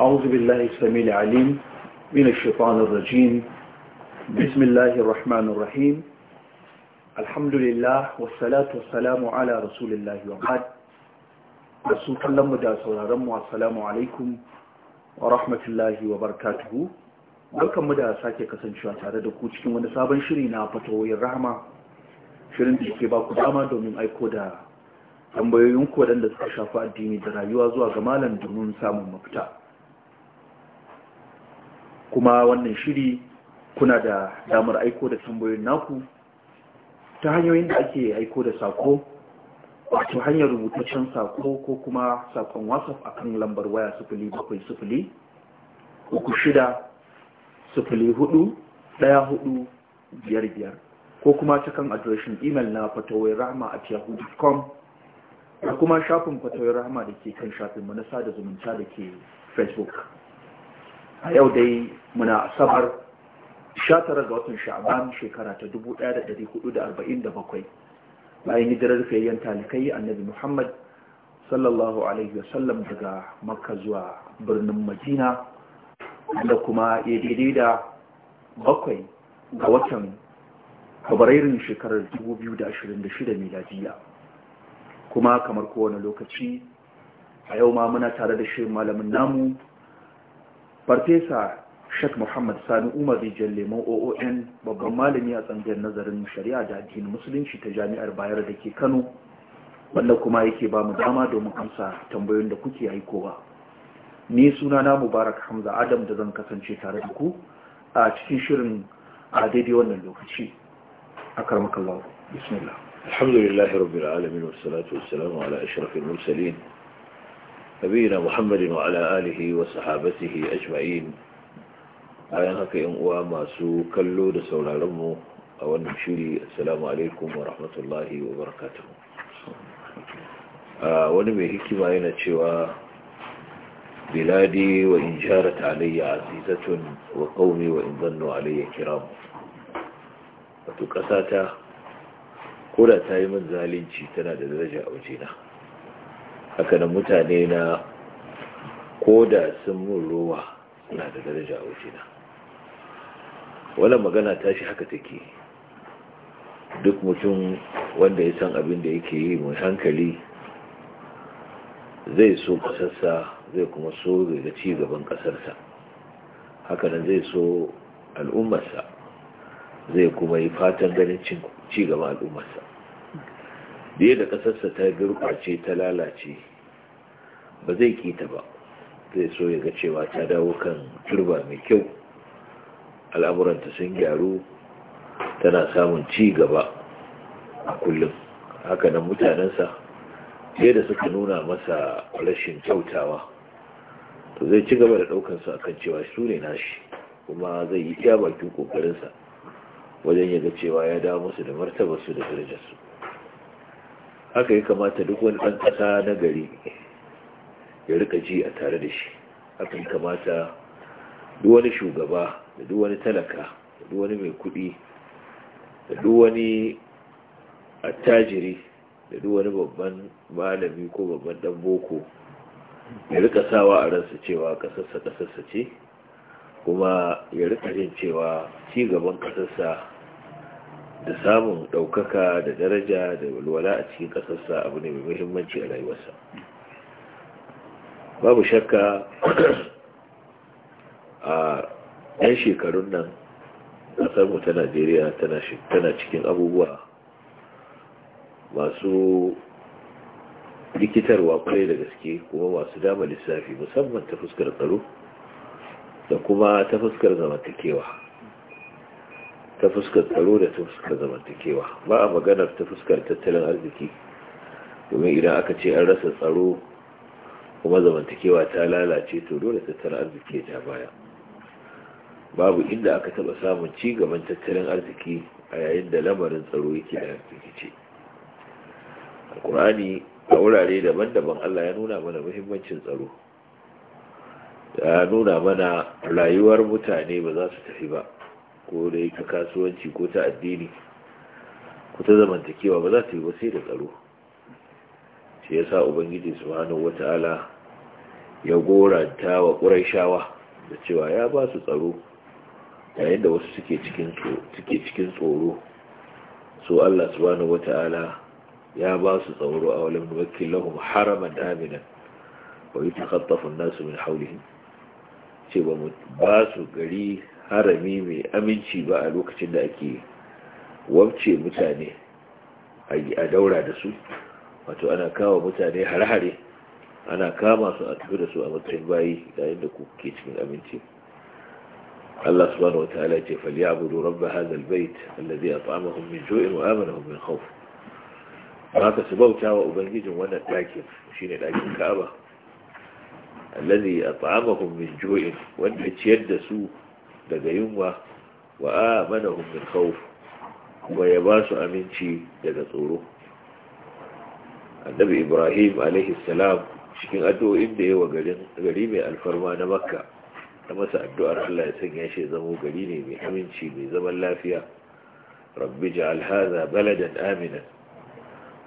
أعوذ بالله السميع العليم من الشيطان الرجيم بسم الله الرحمن الرحيم الحمد لله والصلاة والسلام على رسول الله وبعد رسول الله مدى سورارم والسلام عليكم ورحمة الله وبركاته barkan mu da sake kasancewa tare da ku cikin wani sabon shiri na fatawoyin rahma. shirin da ke ba ku dama domin aiko da tambayoyin ku waɗanda suka shafi addini da rayuwa zuwa ga malam domin samun mafita kuma wannan shiri kuna da damar aiko da tambayoyin naku ta hanyoyin da ake aiko da sako wato hanyar rubutaccen sako ko kuma sakon whatsapp kan lambar waya sifili uku shida sifili hudu ɗaya hudu biyar biyar ko kuma ta kan adireshin imel na fatawai rahama a yahoo.com da kuma shafin fatawai rahama da ke kan shafin manasa da zumunta da ke facebook a yau dai muna asabar 19 ga watan sha'ban shekara ta 1447 bayan hijirar fayayyen talikai annabi muhammad sallallahu alaihi wasallam daga makka zuwa birnin madina da kuma ya daidai da bakwai ga watan fabrairun shekarar 2026 miladiya kuma kamar kowane lokaci a yau ma muna tare da shirin malamin namu farfesa shek muhammad sani umar rijiyar lemon oon babban malami a tsangiyar nazarin shari'a da addinin musulunci ta jami'ar bayar da ke kano wanda kuma yake ba mu dama domin amsa tambayoyin da kuke haikowa ni na mubarak hamza adam da zan kasance tare da ku a cikin shirin a daidai wannan lokaci a karmakallahu bismillah alhamdulillahi rabbil alamin wassalatu wassalamu ala ashrafil mursalin نبينا محمد wa آله وصحابته أجمعين kayan haka yan uwa masu kallo da sauraronmu a wannan shiri assalamu alaikum wa rahmatullahi wa barakatuh wani mai hikima yana cewa biladi wa in sharat alayya azizatun wa qaumi wa in zannu alayya kiram wato kasata ko da ta yi min zalunci tana da daraja a wajena haka da mutane na koda sun mun rowa suna da daraja a wajina Wani magana tashi haka take duk mutum wanda ya san abin da yake yi mai hankali zai so kasarsa zai kuma so ga ci gaban kasarsa hakanan zai so al'ummarsa zai kuma yi fatan ganin ci gaban al'ummarsa da da ƙasarsa ta gurɓace ta lalace ba zai kita ba zai so ya ga cewa ta dawo kan turba mai kyau al'amuranta sun gyaru tana samun ci gaba a kullum hakanan mutanensa da suka nuna masa rashin kyautawa to zai ci gaba da ɗaukansu kan cewa su ne nashi kuma zai yi iya bakin ƙoƙarinsa wajen yaga cewa ya dawo musu da martaba su da darajarsu haka ya kamata duk wani ɗan ƙasa na gari ya rika ji a tare da shi haka ya kamata duk wani shugaba da duk wani talaka da duk wani mai kuɗi da duk wani attajiri da duk wani babban malami ko babban ɗan boko ya rika sawa a ransa cewa ƙasarsa ƙasarsa ce kuma ya rika jin cewa ci gaban ƙasarsa da samun ɗaukaka da daraja da walwala a cikin ƙasarsa abu ne mai muhimmanci a rayuwarsa babu shakka a 'yan shekarun nan ƙasarmu ta najeriya tana cikin abubuwa masu likitarwa kwarai da gaske kuma masu dama lissafi musamman ta fuskar tsaro da kuma ta fuskar zamantakewa ta fuskar tsaro da ta fuskar zamantakewa ba a maganar ta fuskar tattalin arziki domin idan aka ce an rasa tsaro kuma zamantakewa ta lalace to dole tattalin arziki ta baya babu inda aka taba samun ci gaban tattalin arziki a yayin da lamarin tsaro yake da rikice alkur'ani a wurare daban-daban allah ya nuna mana muhimmancin tsaro ya nuna mana rayuwar mutane ba za su tafi ba ko da ta kasuwanci ko ta addini ko ta zamantakewa ba za ta yi wasai sai da tsaro shi sa ubangiji hannu wata'ala ya goranta wa ƙuraishawa da cewa ya ba su tsaro yayin da wasu suke cikin tsoro so Allah hannu wata'ala ya ba su tsoro a wani wakil lahum haraman aminan wani ta nasu min haulihin ce ba su gari harami mai aminci ba a lokacin da ake wabce mutane a daura da su wato ana kawo mutane hare-hare ana kama su a tafi da su a matsayin bayi yayin da ku cikin aminci Allah subhanahu wataala ya ce falyabudu rabb hadha albayt alladhi at'amahum min ju'in wa amanahum min khawf haka su bauta wa ubangijin wannan dakin shine dakin Ka'aba alladhi at'amahum min ju'in wanda ya ciyar da su daga yunwa wa amanahum mana khawf wa ya ba su aminci daga tsoro annabi ibrahim alaihi salam cikin addu'o'in da yawa wa gari mai alfarma na makka ta masa addu'ar Allah ya sanya shi zamo gari ne mai aminci mai zaman lafiya rabbi ja'al hadha baladan Amina.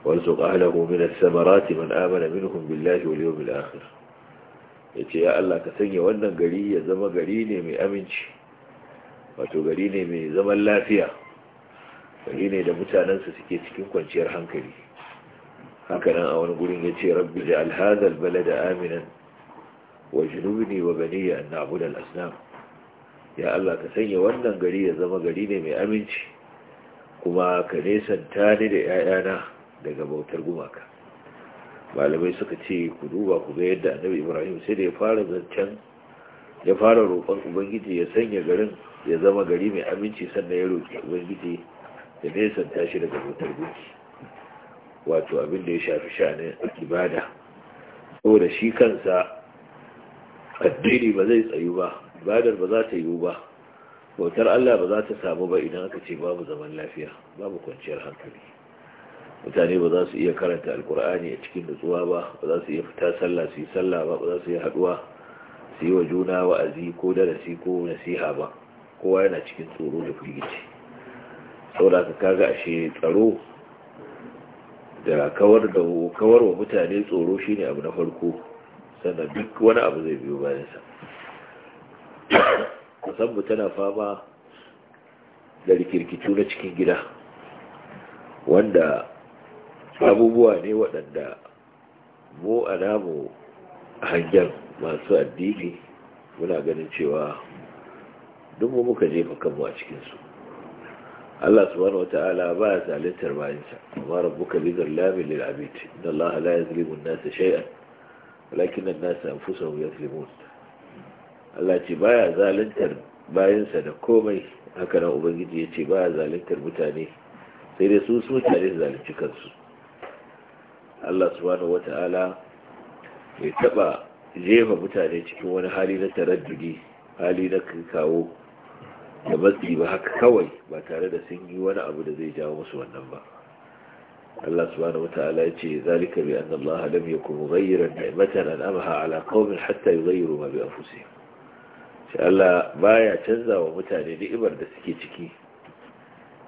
warzuq ahlihi min samarati man amana minhum billahi wal yawmil akhir yace ya Allah ka sanya wannan gari ya zama gari ne mai aminci wato gari ne mai zaman lafiya gari ne da mutanensa suke cikin kwanciyar hankali hakanan a wani gurin ya ce rabbi da alhazal Bala da aminan wa junubni wa gani ya an na'budu da lasnam ya Allah ka sanya wannan gari ya zama gari ne mai aminci kuma ka nesanta ni da 'ya'yana daga bautar gumaka malamai suka ce ku duba ku ga yadda annabi ibrahim sai da ya fara zancen ya fara roƙon ubangiji ya sanya garin ya zama gari mai aminci sannan ya roƙi ubangiji da nesanta tashi daga motar gunki wato abin da ya shafi sha'anin ibada saboda shi kansa addini ba zai tsayu ba ibadar ba za ta yiwu ba bautar Allah ba za ta samu ba idan aka ce babu zaman lafiya babu kwanciyar hankali mutane ba za su iya karanta alkur'ani a cikin nutsuwa ba ba za su iya fita sallah su yi sallah ba ba za su iya haduwa su yi wa juna wa'azi ko darasi ko nasiha ba kowa yana cikin tsoro da firgici saboda ka kaga ashe tsaro da kawar da kawar wa mutane tsoro shine abu na farko sannan duk wani abu zai biyo bayan sa tana fama da rikirkitu na cikin gida wanda abubuwa ne waɗanda mu a namu hangen masu addini muna ganin cewa duk mu muka jefa kanmu a cikinsu Allah subhanahu wata'ala ba ya zalitar bayansa amma rabbuka bi zallamin lil abid inna Allah la yuzlimu an-nasa shay'an walakin an-nasa anfusahum yuzlimun Allah ce baya zaluntar bayansa da komai haka nan ubangiji ya ce ya zaluntar mutane sai dai su su mutane su zalunci kansu Allah subhanahu wata'ala bai taba jefa mutane cikin wani hali na taraddudi hali na kawo da matsi ba haka kawai ba tare da sun yi wani abu da zai jawo musu wannan ba Allah subhanahu wataala yace zalika bi anna Allah lam yakun mughayyiran ni'matan an'amaha ala qaumin hatta yughayyiru ma bi anfusihim shi Allah baya canza wa mutane ni'imar da suke ciki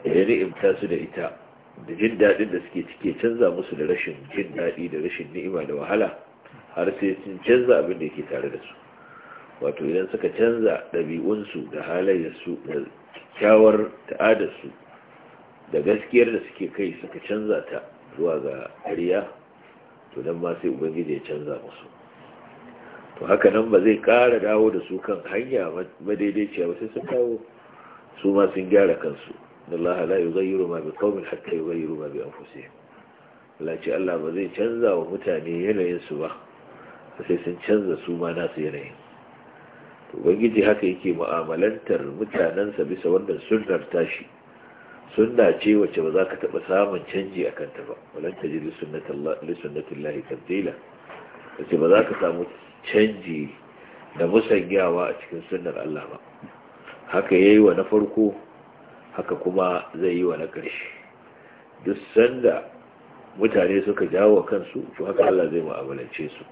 ya ni'imta su da ita da jin dadin da suke ciki canza musu da rashin jin dadi da rashin ni'ima da wahala har sai sun canza abin da yake tare da su wato idan suka canza ɗabi'unsu da halayyarsu da kyawar ta'adarsu da gaskiyar da suke kai suka canza ta zuwa ga ƙarya to don ma sai ubangiji ya canza musu to haka nan ba zai ƙara dawo da su kan hanya madaidaiciya ba sai su kawo su ma sun gyara kansu Allah la yughayyiru ma biqaumin hatta yi ma bi anfusihim Allah ce Allah ba zai canza wa mutane yanayinsu ba sai sun canza su ma nasu yanayin ubangiji haka yake mu'amalantar mutanensa bisa wannan sunnar tashi sunna ce wacce ba za ka taɓa samun canji a kanta ba ta ji lahi tabdila wacce ba za ka samu canji da musanyawa a cikin sunnar Allah ba haka ya yi wa na farko haka kuma zai yi wa na ƙarshe duk sanda mutane suka jawo kansu to haka Allah zai mu'amalance su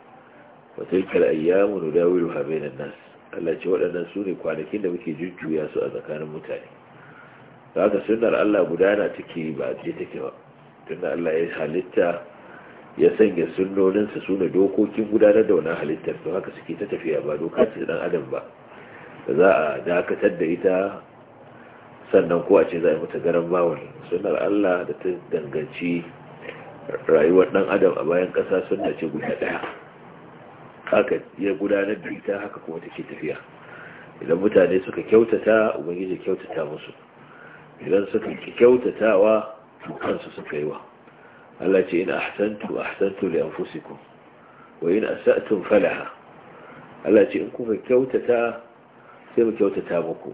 wata yi kal ayyamu nudawiru ha bainan nas Allah ce waɗannan su ne kwanakin da muke jujjuya su a tsakanin mutane haka sunnar Allah gudana take ba je take ba tunda Allah ya halitta ya sanya sunnoninsa su ne dokokin gudanar da wannan halittar to haka suke ta tafiya ba doka ce dan adam ba za a dakatar da ita sannan ko a ce za a mata garan bawon sunnar Allah da ta danganci rayuwar dan adam a bayan ƙasa sunna ce guda ɗaya haka ya gudanar da ita haka kuma take tafiya idan mutane suka kyautata ubangiji kyautata musu idan suka kyautatawa kansu suka yi wa Allah ce in ahsantu ahsantu li anfusikum wa in asa'tum falaha Allah ce in kuka kyautata sai mu kyautata muku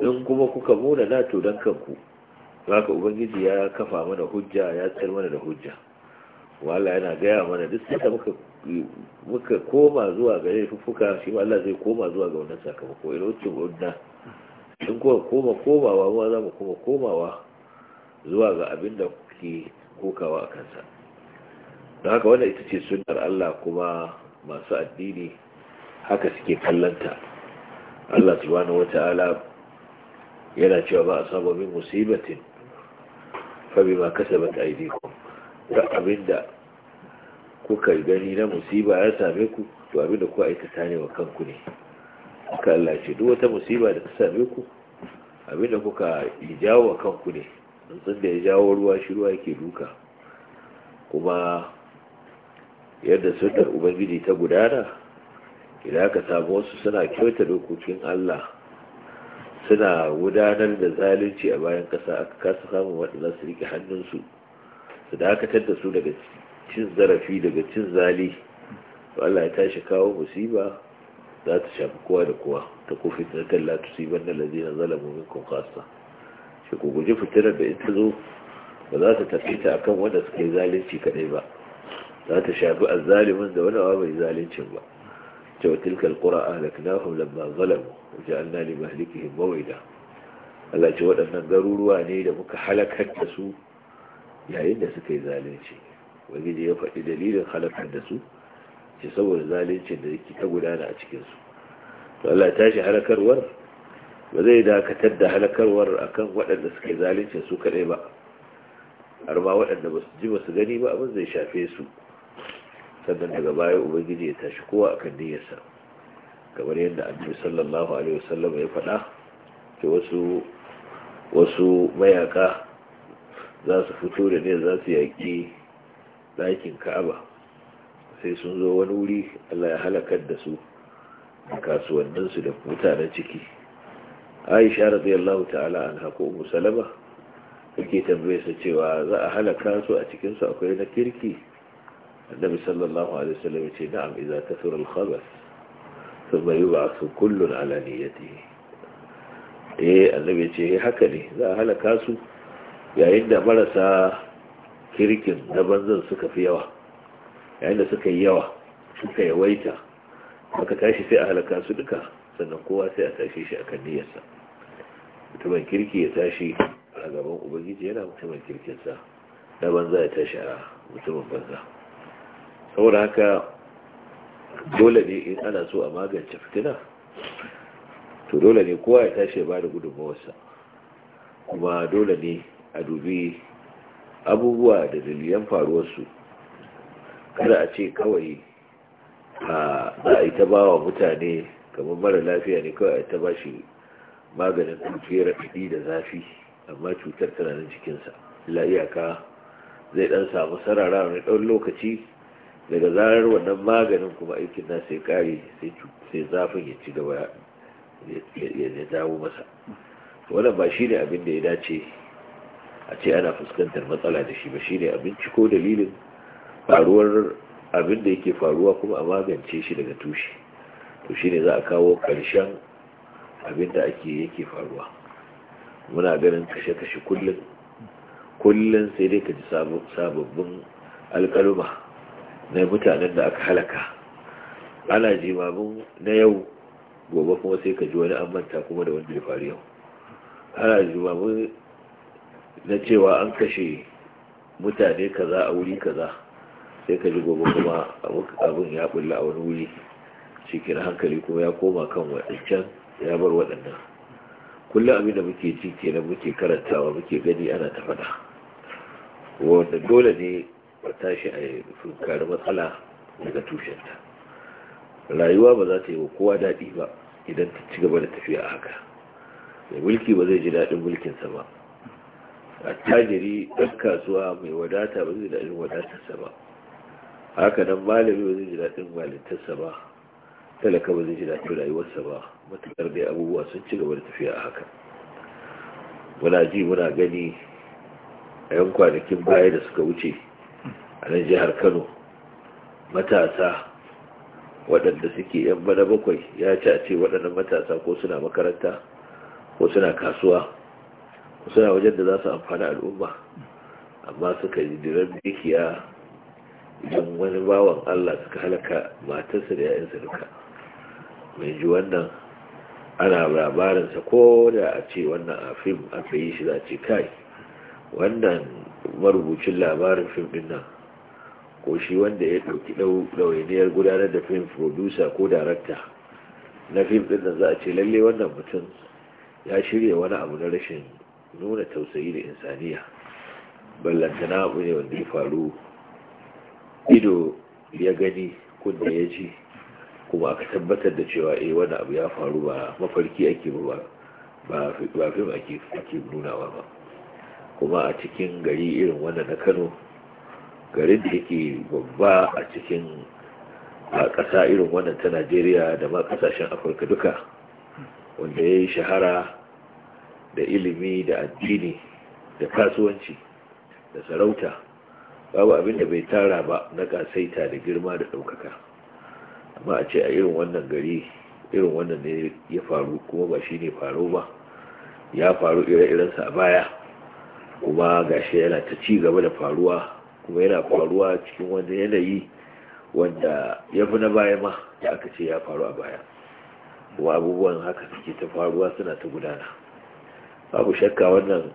in kuma kuka muna na to dan kanku haka ubangiji ya kafa mana hujja ya tsar mana da hujja wala yana gaya mana duk sai muka muka koma zuwa ga laifuffuka shi ma Allah zai koma zuwa ga wannan sakamako ila wacce wannan in kuma koma komawa ma za mu koma komawa zuwa ga abin da kuke kokawa a kansa don haka wannan ita ce sunar Allah kuma masu addini haka suke kallanta Allah subhanahu wata'ala yana cewa ba a saba min musibatin fa bima kasabat aydikum da abinda kuka gani na musiba ya same ku to abinda ku ta ne wa kanku ne aka Allah ce duk wata musiba da ta same ku abinda kuka jawo wa kanku ne tsuntsun da ya jawo ruwa shi ruwa yake duka kuma yadda sunnar ubangiji ta gudana idan aka samu wasu suna kyauta dokokin Allah suna gudanar da zalunci a bayan kasa aka kasa samun waɗannan su rike hannunsu su dakatar da su daga cin zarafi daga cin zali to Allah ya tashi kawo musiba za ta shafi kowa da kowa ta ko fitnatan la tusiban na lazina zalamu minkum khassa shi ku guji fitilar da ita zo ba za ta tafi ta akan wanda suka yi zalunci kadai ba za ta shafi a zalimin da wanda bai zaluncin ba Ta cewa tilkal qura ahlaknahum lamma zalamu waja'alna li bawai da Allah ce waɗannan garuruwa ne da muka halakar da su yayin da suka yi zalunci ubangiji ya faɗi dalilin halakar da su ce saboda zalincin da yake ta gudana a cikinsu to Allah tashi halakarwar ba zai dakatar da halakarwar akan waɗanda suke zalincin su kaɗai ba har ma waɗanda ba su ji ba su gani ba abin zai shafe su sannan daga baya ubangiji ya tashi kowa akan niyyarsa kamar yadda annabi sallallahu alaihi wasallam ya faɗa ke wasu wasu mayaka za su fito da ne za su yaƙi ɗakin ka'aba sai sun zo wani wuri Allah ya halakar da su da kasuwanninsu da mutanen ciki aisha radiyallahu ta'ala an hako umu salama yake tambaye su cewa za a halaka su a cikinsu akwai na kirki annabi sallallahu alaihi wasallam ya ce na'am idza kasura al-khabath thumma yub'athu kullun ala niyyatihi eh annabi ya ce eh, haka ne za a halaka su yayin da marasa kirkin na banzan suka fi yawa yayin da suka yi yawa suka yawaita aka tashi sai a halaka su duka sannan kowa sai a tashi shi kan niyarsa mutumin kirki ya tashi a gaban ubangiji yana mutumin kirkinsa na banza ya tashi a mutumin banza saboda haka dole ne in ana so a magance fitina to dole ne kowa ya tashi ba da gudunmawarsa kuma dole ne a dubi abubuwa da dalilan faruwarsu kada a ce kawai za a yi ta ba wa mutane kamar mara lafiya ne kawai a ta ba shi maganin kujerar ɗi da zafi amma cutar tana nan sa la iyaka zai ɗan samu sarara wani ɗan lokaci daga zarar wannan maganin kuma aikin na sai kare sai zafin ya ci gaba ya dawo masa wannan ba shi ne abin da ya dace a ce ana fuskantar matsala da shi ba shi ne a binciko dalilin faruwar abin da yake faruwa kuma a magance shi daga tushe to shi ne za a kawo ƙarshen abin da ake yake faruwa muna ganin kashe-kashe kullum kullum sai dai ka ji sababbin alƙaluma na mutanen da aka halaka ana jimamin na yau gobe kuma sai ka ji wani an manta kuma da wanda ya faru yau ana jimamin na cewa an kashe mutane kaza a wuri kaza sai ka ji gobe kuma abin ya bulla a wani wuri cikin hankali kuma ya koma kan waɗancan ya bar waɗannan kullum abin da muke ji kenan muke karantawa muke gani ana ta faɗa wanda dole ne ba tashi a funkari matsala daga tushenta rayuwa ba za ta yi wa kowa daɗi ba idan ta ci gaba da tafiya a haka mai mulki ba zai ji daɗin mulkinsa ba tajiri ɗan kasuwa mai wadata ba zai daɗin wadatarsa ba haka nan malami ba zai ji daɗin malintarsa ba talaka ba zai ji daɗin rayuwarsa ba matuƙar dai abubuwa sun ci gaba da tafiya a haka muna ji muna gani a yan kwanakin baya da suka wuce a nan jihar kano matasa waɗanda suke yan bana bakwai ya ce a ce waɗannan matasa ko suna makaranta ko suna kasuwa suna wajen da za su amfani al'umma amma suka yi diran dukiya idan wani bawan Allah suka halaka matarsa da yayan duka mai ji wannan ana labarinsa ko da a ce wannan a fim aka yi shi za ce kai wannan marubucin labarin fim din nan ko shi wanda ya ɗauki ɗawainiyar gudanar da fim producer ko darakta na fim din nan za a ce lalle wannan mutum ya shirya wani abu na rashin nuna tausayi da insaniya na abu ne wanda ya faru ido ya gani kunda ya ji kuma aka tabbatar da cewa eh wani abu ya faru ba mafarki ake ba ba fim ake nunawa ba kuma a cikin gari irin wannan na kano garin da yake babba a cikin a ƙasa irin wannan ta najeriya da ma ƙasashen afirka duka wanda ya yi shahara da ilimi da addini da kasuwanci da sarauta babu abin da bai tara ba na kasaita da girma da ɗaukaka amma a ce a irin wannan gari irin wannan ne ya faru kuma ba shi ne faru ba ya faru ire-irensa a baya kuma gashi yana ta ci gaba da faruwa kuma yana faruwa cikin wani yanayi wanda ya fi na baya ma da aka ce ya faru a baya kuma abubuwan haka suke ta faruwa suna ta gudana abu shakka wannan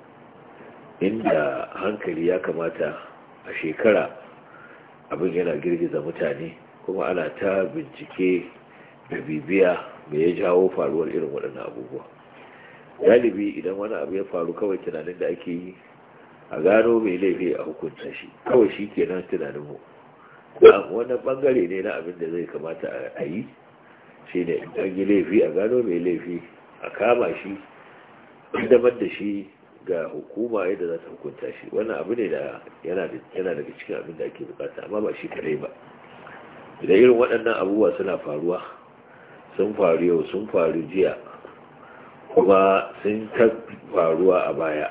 inda hankali ya kamata a shekara abin yana girgiza mutane kuma ana ta bincike da bibiya mai ya jawo faruwar irin waɗannan abubuwa galibi idan wani abu ya faru kawai tunanin da ake yi a gano mai laifi a hukunta shi kawai shi ke nan tunanin mu wannan bangare ne na abin da zai kamata a yi shi ne in an laifi a gano mai laifi a kama shi kaddamar da shi ga hukuma yadda za ta hukunta shi wannan abu ne da yana daga cikin abin da ake bukata amma ba shi kadai ba da irin waɗannan abubuwa suna faruwa sun faru yau sun faru jiya kuma sun ta faruwa a baya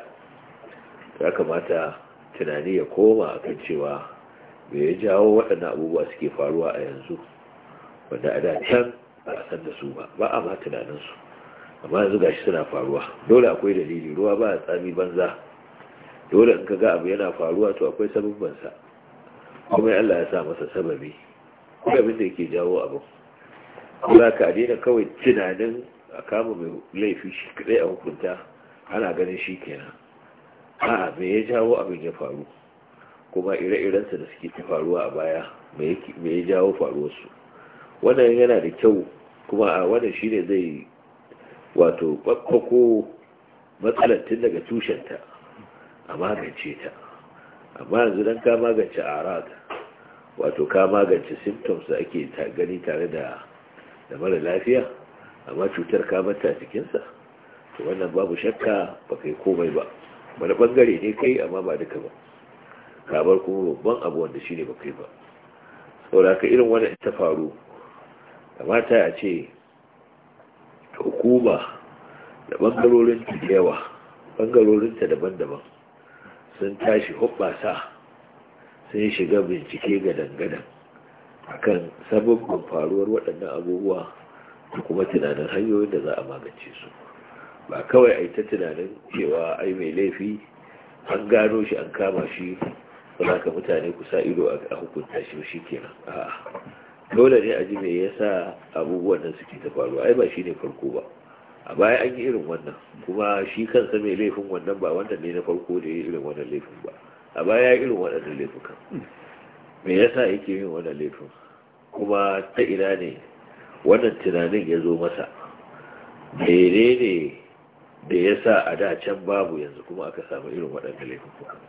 ya kamata tunani ya koma a kan cewa me ya jawo waɗannan abubuwa suke faruwa a yanzu wanda a da ba a san da su ba ba a ma tunaninsu amma yanzu shi suna faruwa dole akwai dalili ruwa ba a tsami banza dole in ka ga abu yana faruwa to akwai sababbansa kuma Allah ya sa masa sababi kuma abin da yake jawo abu kuma ka daina kawai tunanin a kama mai laifi shi kadai a hukunta ana ganin shi kenan a'a me ya jawo abin ya faru kuma ire-irensa da suke ta faruwa a baya me ya jawo faruwarsu wannan yana da kyau kuma a wannan shine zai wato kwakwako matsalar tun daga tushenta a magance ta amma yanzu don ka magance arad wato ka magance symptoms da ake gani tare da da mara lafiya amma cutar ka mata jikinsa to wannan babu shakka ba kai komai ba wani bangare ne kai amma ba duka ba kamar kuma babban abu wanda shi ne ba kai ba saboda ka irin wani ta faru kamata a ce hukuma da bangarorin da yawa ta daban-daban sun tashi hubbasa sun shiga bincike ga dangadan akan sababbin faruwar waɗannan abubuwa da kuma tunanin hanyoyin da za a magance su ba kawai a yi ta tunanin cewa ai mai laifi an gano shi an kama shi ba ka mutane kusa ido a hukunta shi shi kenan a'a dole ne a ji me yasa abubuwan nan suke ta faruwa ai ba shine farko ba a baya an yi irin wannan kuma shi kansa mai laifin wannan ba wannan ne na farko da ya yi irin wannan laifin ba a baya ya irin waɗannan laifukan me yasa yake yin wannan laifin kuma ta ina ne wannan tunanin ya zo masa mene ne da ya sa a da can babu yanzu kuma aka samu irin waɗannan laifukan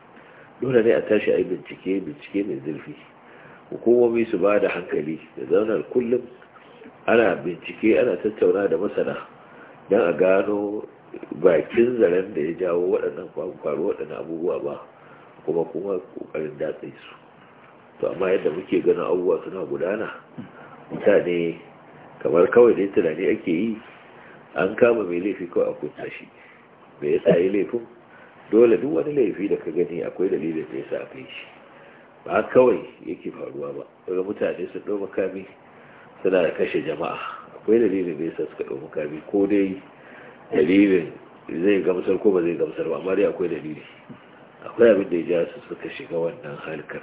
dole ne a tashi a yi bincike bincike mai zurfi hukumomi su ba da hankali da zaunar kullum ana bincike ana tattauna da masana don a gano bakin zaren da ya jawo waɗannan faru waɗannan abubuwa ba kuma kuma ƙoƙarin datse su to amma yadda muke ganin abubuwa suna gudana mutane kamar kawai da tunani ake yi an kama mai laifi kawai a kunta shi me yasa yi laifin dole duk wani laifi da ka gani akwai dalilin da sa a kai shi ba kawai yake faruwa ba daga mutane su ɗau makami suna da kashe jama'a akwai dalilin da yasa suka ɗau makami ko dai dalilin zai gamsar ko ba zai gamsar ba amma dai akwai dalili akwai abin da ya ja su suka shiga wannan halkar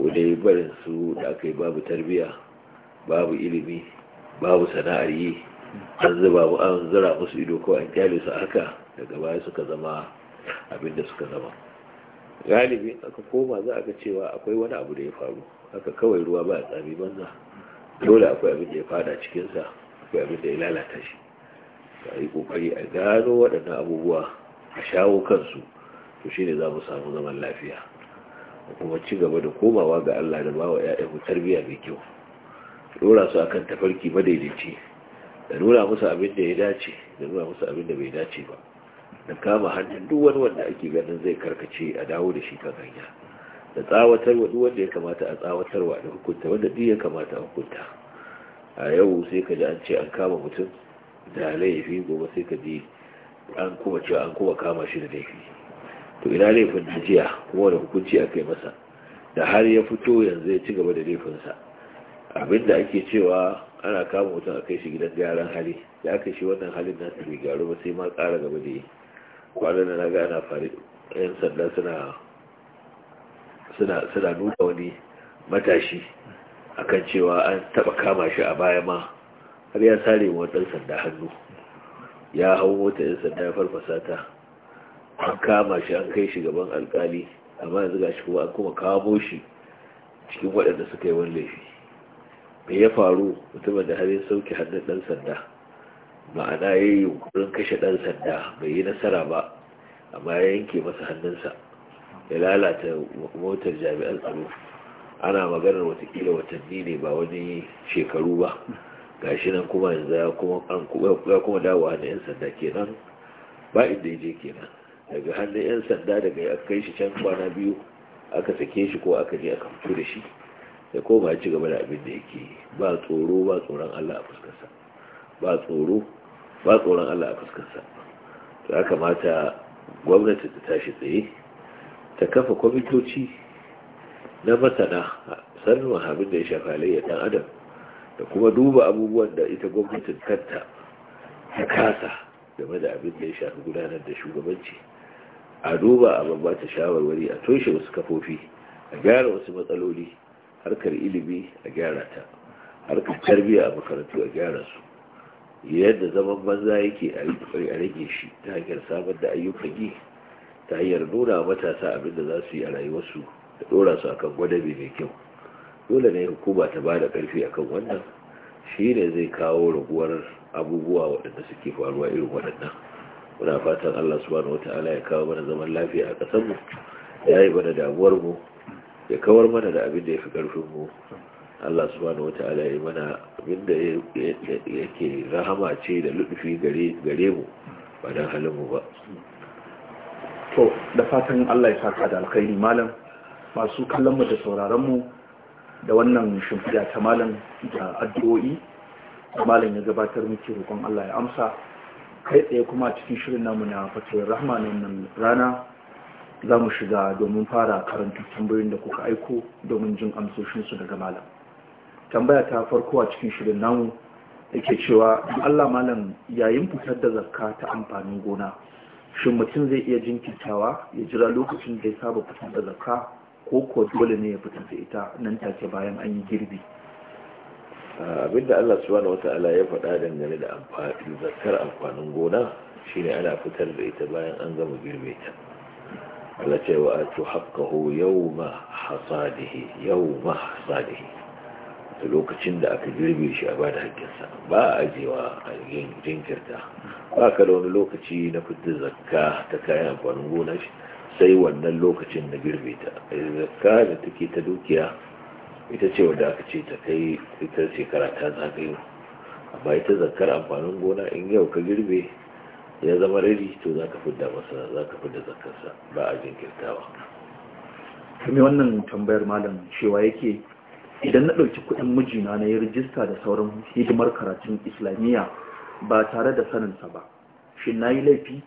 ko dai barin su da aka yi babu tarbiyya babu ilimi babu sana'ar yi an zuba an zura musu ido ko an kyale su haka daga baya suka zama abin da suka zama galibi aka koma za a ga cewa akwai wani abu da ya faru aka kawai ruwa ba a tsami banza dole akwai abin da ya fada cikinsa akwai abin da ya lalata shi a yi kokari a gano waɗannan abubuwa a shawo kansu to shi ne za mu samu zaman lafiya kuma ci gaba da komawa ga Allah da ba wa ‘ya'yanmu tarbiyya mai kyau dora su akan tafarki madaidaici da nuna musu abin da ya dace da nuna musu abin da bai dace ba da kama hannun duk wani wanda ake ganin zai karkace a dawo da shi kan hanya da tsawatarwa duk wanda ya kamata a tsawatarwa da hukunta wanda duk ya kamata a hukunta a yau sai ka ji an ce an kama mutum da laifi gobe sai ka ji an kuma cewa an kuma kama shi da laifi to ina laifin da jiya kuma da hukunci a kai masa da har ya fito yanzu ya ci gaba da laifinsa abinda ake cewa ana kama mutum a kai shi gidan gyaran hali da aka shi wannan halin nasu bai gyaru ba sai ma kara gaba da yi kwanan da na gana fari yan sanda suna suna nuna wani matashi akan cewa an taba kama shi a baya ma har ya sare wa dan sanda hannu ya hau mota yan sanda ya farfasa ta an kama shi an kai shi gaban alkali amma yanzu ga shi kuma an kuma kawo shi cikin waɗanda suka yi wani laifi me ya faru mutumin da har ya sauke hannun ɗan sanda ma'ana ya yi yunkurin kashe ɗan sanda bai yi nasara ba amma ya yanke masa hannunsa ya lalata motar jami'an tsaro ana maganar watakila watanni ne ba wani shekaru ba gashi nan kuma yanzu ya kuma dawowa na 'yan sanda kenan ba inda ya je kenan daga hannun 'yan sanda daga ya kai shi can kwana biyu aka sake shi ko aka je aka fito da shi ya koma ya ci gaba da abin da yake ba tsoro ba tsoron allah a fuskarsa ba tsoro ba tsoron Allah a fuskarsa to ya kamata gwamnati ta tashi tsaye ta kafa kwamitoci na masana sanin abin da ya shafi laye dan adam da kuma duba abubuwan da ita gwamnatin kanta ta kasa game da abin da ya shafi gudanar da shugabanci a duba a babbata shawarwari a toshe wasu kafofi a gyara wasu matsaloli harkar ilimi a gyara ta harkar tarbiyya a makarantu a gyara su yadda zaman banza yake a yi kwari a rage shi ta hanyar samar da ayyukan yi ta hanyar nuna matasa abin da za su yi a rayuwarsu da dora su akan gwadabe mai kyau dole ne hukuma ta ba da karfi akan wannan shi ne zai kawo raguwar abubuwa waɗanda suke faruwa irin waɗannan muna fatan allah subhanahu wataala ya kawo mana zaman lafiya a ƙasarmu ya yi mana damuwarmu ya kawar mana da abin da ya fi ƙarfinmu Allah subhanahu wata'ala ya mana abinda yake rahama ce da lutufi gare mu ba don halin ba to da fatan Allah ya saka da alkhairi malam masu kallon mu da sauraron mu da wannan shimfiya ta malam da addu'o'i malam ya gabatar muke hukun Allah ya amsa kai tsaye kuma cikin shirin namu na fatirar rahma na wannan rana za mu shiga domin fara karanta tambayoyin da kuka aiko domin jin amsoshinsu daga malam tambaya ta farko a cikin shirin namu yake cewa Allah malam yayin fitar da zakka ta amfanin gona shin mutum zai iya jinkirtawa ya jira lokacin da ya saba fitar da zakka ko ko dole ne ya fitar da ita nan take bayan an yi girbi abinda Allah wata wata'ala ya faɗa dangane da amfanin zakkar amfanin gona shine ana fitar da ita bayan an zama girbe ta Allah ce wa atu haqqahu yawma hasadihi yawma hasadihi da lokacin da aka girbe shi a bada hakkinsa ba a ajewa a jinkirta ba ka da wani lokaci na fitar zakka ta kayan amfanin gona shi sai wannan lokacin na girbe ta eh, zakka da take ta dukiya ita ce wadda aka ce ta kai ita shekara ta zagayo amma ita zakkar amfanin gona in yau ka girbe ya zama rari to za ka fidda masa za ka fidda zakkarsa ba a jinkirtawa kuma wannan tambayar malam cewa yake idan na ɗauki kuɗin mijina na yi rijista da sauran hidimar karatun islamiyya ba tare da saninsa ba shi na yi laifi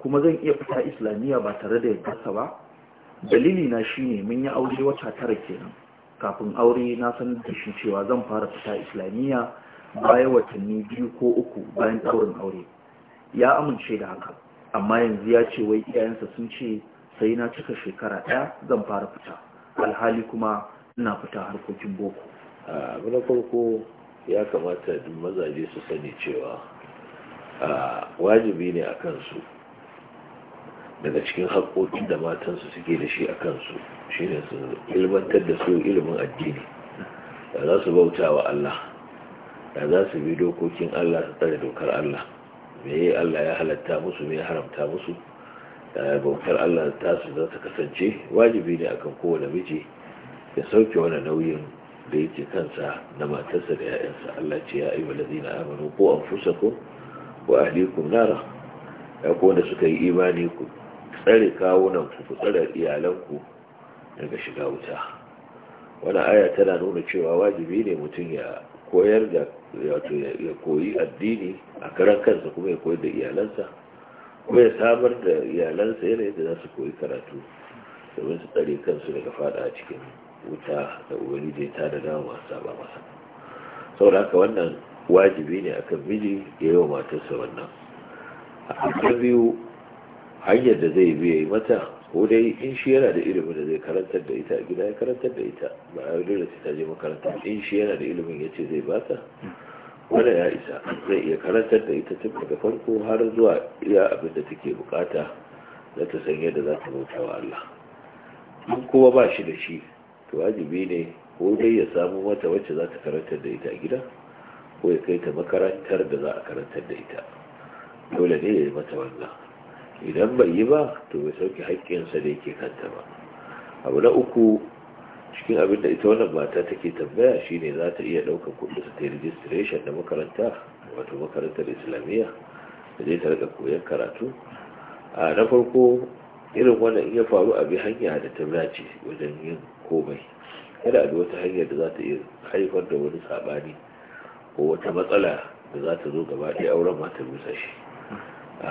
kuma zan iya fita islamiyya ba tare da sa ba dalili na shi ne mun yi aure wata tara kenan kafin aure na san da shi cewa zan fara fita islamiyya bayan watanni biyu ko uku bayan ɗaurin aure ya amince da haka amma yanzu ya ce wai iyayensa sun ce sai na cika shekara ɗaya zan fara fita alhali kuma ina fita harkokin boko abu na farko ya kamata duk mazaje su sani cewa wajibi ne a kansu daga cikin haƙoƙin da matansu suke da shi a kansu shine su ilmantar da su ilimin addini da za su bauta wa Allah da za su bi dokokin Allah su tsare dokar Allah meye Allah ya halatta musu me ya haramta musu da bautar Allah ta su za ta kasance wajibi ne akan kowane miji ya sauke wani nauyin da yake kansa na matarsa da ‘ya'yansa Allah ce ya ayyuka lazina amanu ko an fusa ko wa ahlikum nara ya ko suka yi imani ku tsare kawunan ku ku tsare iyalanku daga shiga wuta wani aya tana nuna cewa wajibi ne mutum ya koyar da ya koyi addini a karan kansa kuma ya koyar da iyalansa kuma ya samar da iyalansa yanayin da za su koyi karatu domin su tsare kansu daga fada a cikin wuta da da ta da dawowa saba masa saboda haka wannan wajibi ne akan miji ya yi wa matarsa wannan a biyu hanyar da zai biya yi mata ko dai in shi yana da ilimin da zai karantar da ita gida ya karantar da ita ba a yi dole ta je makaranta in shi yana da ilimin ya ce zai ba ta, wanda ya isa zai iya karantar da ita tun daga farko har zuwa iya abin da take bukata da ta san yadda za ta bauta wa Allah in kuma ba shi da shi to wajibi ne ko dai ya samu mata wacce za ta karantar da ita a gida ko ya kai ta makarantar da za a karantar da ita dole ne ya yi mata wannan idan bai yi ba to bai sauke haƙƙinsa da yake kanta ba abu na uku cikin abin da ita wannan mata take tambaya shine za ta iya ɗaukar kuɗi su ta registration da makaranta wato makarantar islamiyya da zai ta rika koyon karatu a na farko irin wannan in ya faru a bi hanya da ta dace wajen yin komai yana da wata hanyar da za ta iya haifar da wani sabani ko wata matsala da za ta zo gaba ɗaya auren mata rusa shi a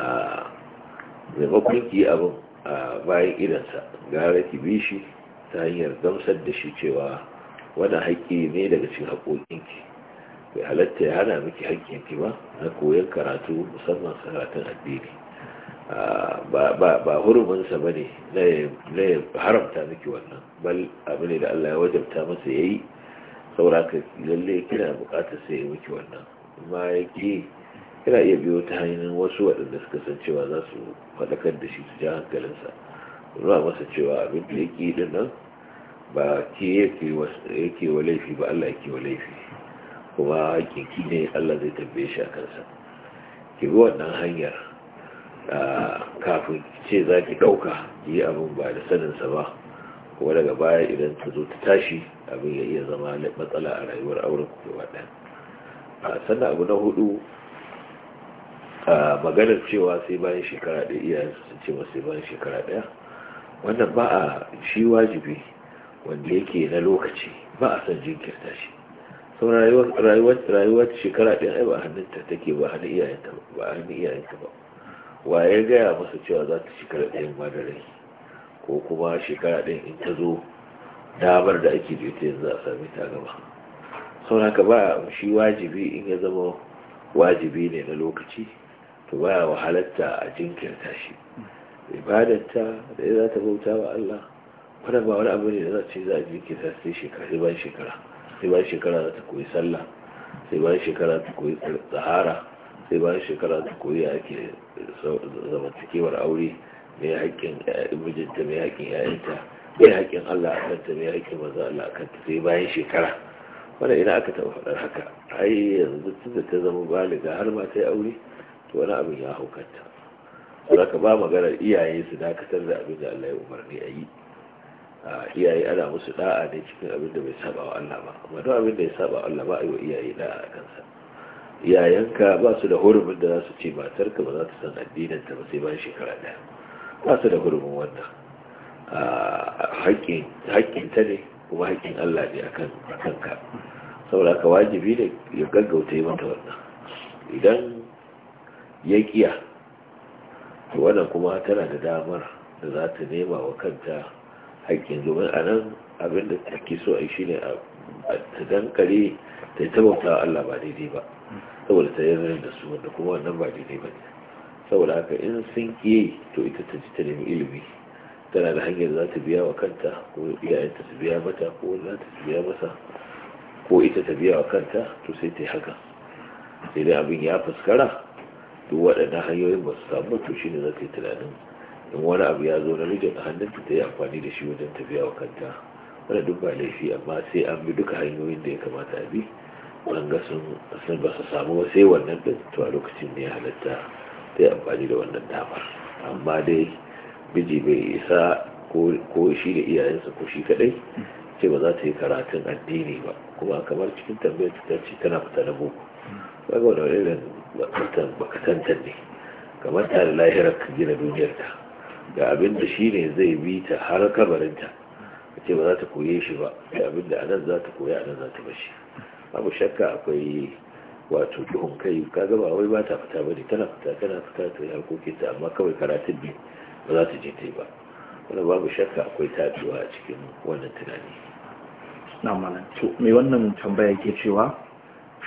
maimakon ki abin a bayan idansa gara ki bi shi ta hanyar gamsar da shi cewa wani haƙƙi ne daga cikin haƙoƙinki bai halatta ya hana miki haƙƙinki ba na koyon karatu musamman karatun addini ba huruminsa ba ne na ya haramta miki wannan bal abu da Allah ya wajabta masa ya yi sauraka lalle kina bukatar sai ya miki wannan ma ya kina iya biyo ta hanyar wasu waɗanda suka san cewa za su faɗakar da shi su ja hankalinsa ruwa masa cewa abin da yake din nan ba ke yake wa laifi ba Allah yake wa laifi kuma hakiki ne Allah zai tambaye shi a kansa ki bi wannan hanyar kafin ce za ki ɗauka yi abin ba da saninsa ba kuma daga baya idan ta zo ta tashi abin ya iya zama matsala a rayuwar auren ku gaba ɗaya sannan abu na hudu maganar cewa sai bayan shekara ɗaya iyayensu sun ce masu bayan shekara ɗaya wannan ba a shi wajibi wanda yake na lokaci ba a son jinkirta shi sau rayuwar shekara ɗaya ba hannunta take ba hannun iyayenta ba wa ya gaya masa cewa za ta shekara ɗayan ma da ko kuma shekara ɗin in ta zo damar da ake da ita yanzu a sami ta gaba sau haka ba shi wajibi in ya zama wajibi ne na lokaci to baya wahalatta a jinkirta shi ibadarta da ya za ta bauta wa Allah wadda ba wani abu ne da za ce za a jinkirta sai shekara sai bayan shekara sai bayan shekara za ta koyi sallah sai bayan shekara ta koyi tsahara sai bayan shekara ta koya ake zamantakewar aure mai haƙƙin mijinta mai haƙƙin yayanta mai haƙƙin Allah a kanta mai haƙƙin maza Allah a kanta sai bayan shekara wadda ina aka taɓa faɗar haka ai yanzu tun ta zama baliga har ma ta yi aure to wani abin ya hau kanta saboda ka ba maganar iyaye su dakatar da abin da Allah ya umarni a yi iyaye ana musu da'a ne cikin abin da bai saba wa Allah ba amma duk abin da ya saba wa Allah ba a yi wa iyaye da'a a kansa yayanka ba su da hurumin da za su ce matarka ba za ta san addininta ba sai bayan shekara ɗaya ba su da hurumin wannan ah, haƙƙinta ne kuma haƙƙin Allah ne a kanka saboda ka wajibi ne ya gaggauta yi mata wannan idan ya ƙiya to wannan kuma tana da damar da za ta nema wa kanta haƙƙin domin a nan abinda ake so a yi shi ne a ta dankare ta yi ta Allah ba daidai ba saboda ta yi da su wanda kuma wannan ba daidai ba saboda haka in sun kiye to ita ta ji ta nemi ilimi tana da hanyar za ta biya wa kanta ko iyayenta su biya mata ko za ta biya masa ko ita ta biya wa kanta to sai ta yi haka sai dai abin ya fuskara duk waɗannan hanyoyin ba su samu to ne za ta yi tunanin in wani abu ya zo na da a ta ta yi amfani da shi wajen ta biya wa kanta wanda duk ba laifi amma sai an bi duka hanyoyin da ya kamata a bi wanga sun ba su samu sai wannan din to a lokacin ne ya halatta yi amfani da wannan damar amma dai biji bai isa ko shi da iyayensa ko shi kadai ce ba za ta yi karatun addini ba kuma kamar cikin tambayar cikin ce tana fita na boko ba ga wani irin bakatantar ne kamar ta da lahirar gina duniyarta ga abin da shi ne zai bi ta har kabarinta ce ba za ta koye shi ba da abin da anan za ta koya anan za ta bashi abu shakka akwai wato duhun kai kaga ba wai ba ta fita ba ne tana fita tana fita ta yi ta amma kawai karatun ne ba za ta je ta ba wani babu shakka akwai tafiwa a cikin wannan tunani na malam to mai wannan tambaya ke cewa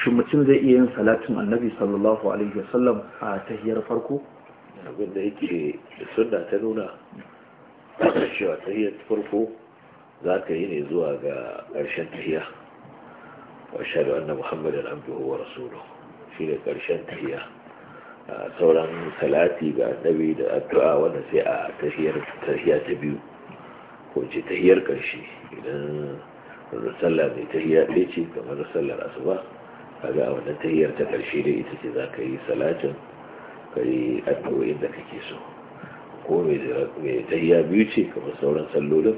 shi mutum zai iya yin salatin annabi sallallahu alaihi wasallam a tahiyar farko abin da yake sunna ta nuna cewa tahiyar farko za ka yi ne zuwa ga ƙarshen tahiya وأشهد أن محمدا عبده ورسوله في الكرشان تحية سورا ثلاثي بعد نبي الدعاء ونسيء تهير تهية تبيو وجه تهير كرشي إذن الرسالة تهية ليتي كما الرسالة الأصبح هذا أولا تهير تكرشي ليتي إذا كي صلاة كي أدعو إذا كي سو ko mai tahiya biyu ce kamar sauran sallolin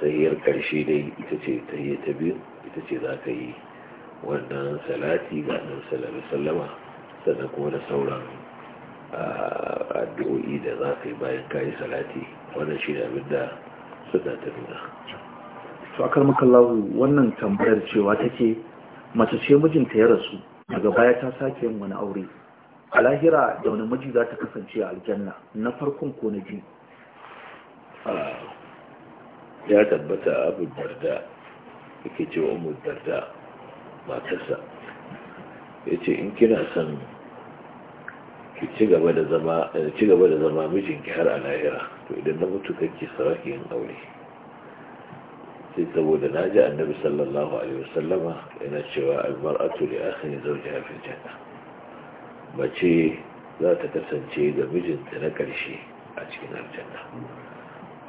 sayar karshe dai ita ce ta yi ta biyu ita ce za ka yi wannan salati ga nan salari sallama sannan kuma da sauran addu'o'i da za ka yi bayan kayi salati wannan shi da abin da suna ta nuna su akar makallahu wannan tambayar cewa take mace ce mijinta ya rasu daga baya ta sake yin wani aure a lahira da wani miji za ta kasance a aljanna na farkon ko na biyu ya tabbata abu darda yake ce wa darda matarsa ya ce in kina son ki eh, ci gaba da zama mijinki har a lahira to idan na mutu kake saraki yin aure sai saboda na ji annabi sallallahu alaihi wasallama yana cewa almar'atu li akhiri zawjiha fil janna mace za ta kasance ga mijinta na karshe a cikin aljanna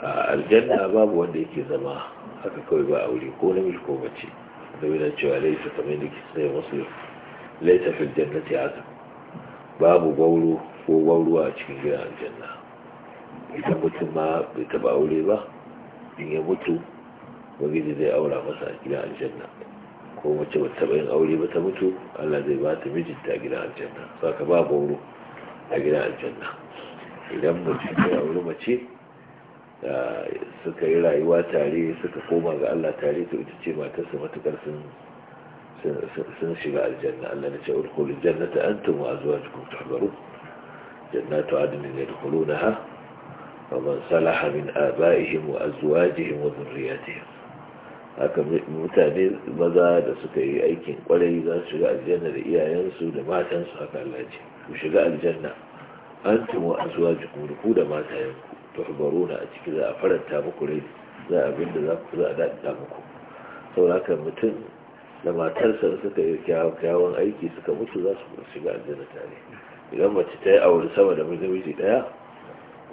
aljanna babu wanda yake zama haka kawai ba aure ko namiji ko mace da yana cewa laisa kamar da ke sai muslim laifin fil jannati azab babu gauru ko gauruwa a cikin gidan aljanna idan mutum ma bai taba aure ba in ya mutu magiji zai aura masa a gidan aljanna ko mace ba taba yin aure ba ta mutu Allah zai ba ta mijinta a gidan aljanna saka ba gauru a gidan aljanna idan mutum ya aure mace suka yi rayuwa tare suka koma ga Allah tare to ita ce matarsa matukar sun sun shiga aljanna Allah na ce ulkhulul jannata antum wa azwajukum tahbaru jannatu adnin yadkhulunaha wa man salaha min abaihim wa azwajihim wa dhurriyyatihim haka mutane maza da suka yi aikin kwarai za su shiga aljanna da iyayensu da matansu haka Allah ce ku shiga aljanna antum wa azwajukum ku da matayenku tuhbaruna a ciki za a faranta muku rai za a abinda za ku za a daɗa muku sauraka mutum da matarsa suka yi kyawun aiki suka mutu za su shiga aljanna tare idan mace ta yi aure sama da miji ɗaya